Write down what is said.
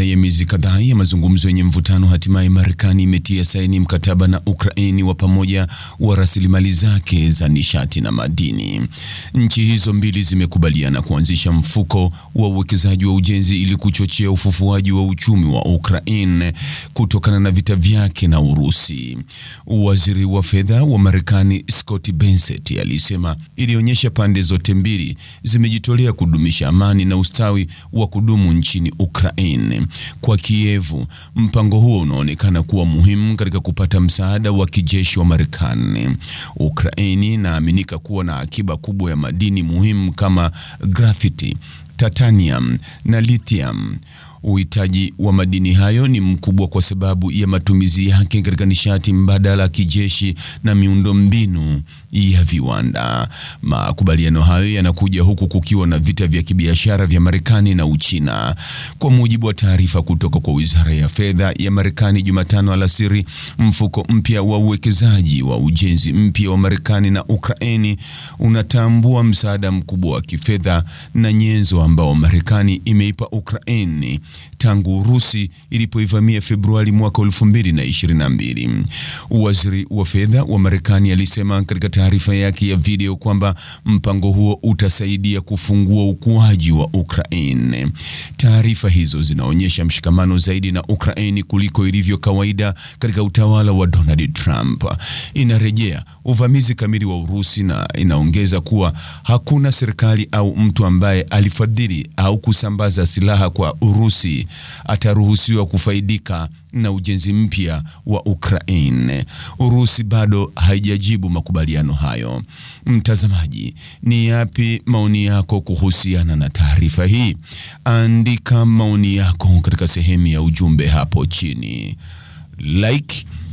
Baada ya miezi kadhaa ya mazungumzo yenye mvutano, hatimaye Marekani imetia saini mkataba na Ukraini wa pamoja wa rasilimali zake za nishati na madini. Nchi hizo mbili zimekubaliana kuanzisha mfuko wa uwekezaji wa ujenzi ili kuchochea ufufuaji wa uchumi wa Ukraine kutokana na vita vyake na Urusi. Waziri wa fedha wa Marekani Scott Bensett alisema ilionyesha pande zote mbili zimejitolea kudumisha amani na ustawi wa kudumu nchini Ukraine kwa kievu Mpango huo unaonekana kuwa muhimu katika kupata msaada wa kijeshi wa Marekani. Ukraini inaaminika kuwa na akiba kubwa ya madini muhimu kama grafiti, titanium na lithium. Uhitaji wa madini hayo ni mkubwa kwa sababu ya matumizi yake katika nishati mbadala ya kijeshi na miundombinu ya viwanda. Makubaliano hayo yanakuja huku kukiwa na vita vya kibiashara vya Marekani na Uchina. Kwa mujibu wa taarifa kutoka kwa Wizara ya Fedha ya Marekani Jumatano alasiri, mfuko mpya wa uwekezaji wa ujenzi mpya wa Marekani na Ukraini unatambua msaada mkubwa wa kifedha na nyenzo ambao Marekani imeipa Ukraini tangu Urusi ilipoivamia Februari mwaka 2022. Waziri wa fedha wa Marekani alisema katika taarifa yake ya video kwamba mpango huo utasaidia kufungua ukuaji wa Ukraine. Taarifa hizo zinaonyesha mshikamano zaidi na Ukraine kuliko ilivyo kawaida katika utawala wa Donald Trump. Inarejea uvamizi kamili wa Urusi na inaongeza kuwa hakuna serikali au mtu ambaye alifadhili au kusambaza silaha kwa Urusi Urusi ataruhusiwa kufaidika na ujenzi mpya wa Ukraine. Urusi bado haijajibu makubaliano hayo. Mtazamaji, ni yapi maoni yako kuhusiana na taarifa hii? Andika maoni yako katika sehemu ya ujumbe hapo chini. Like,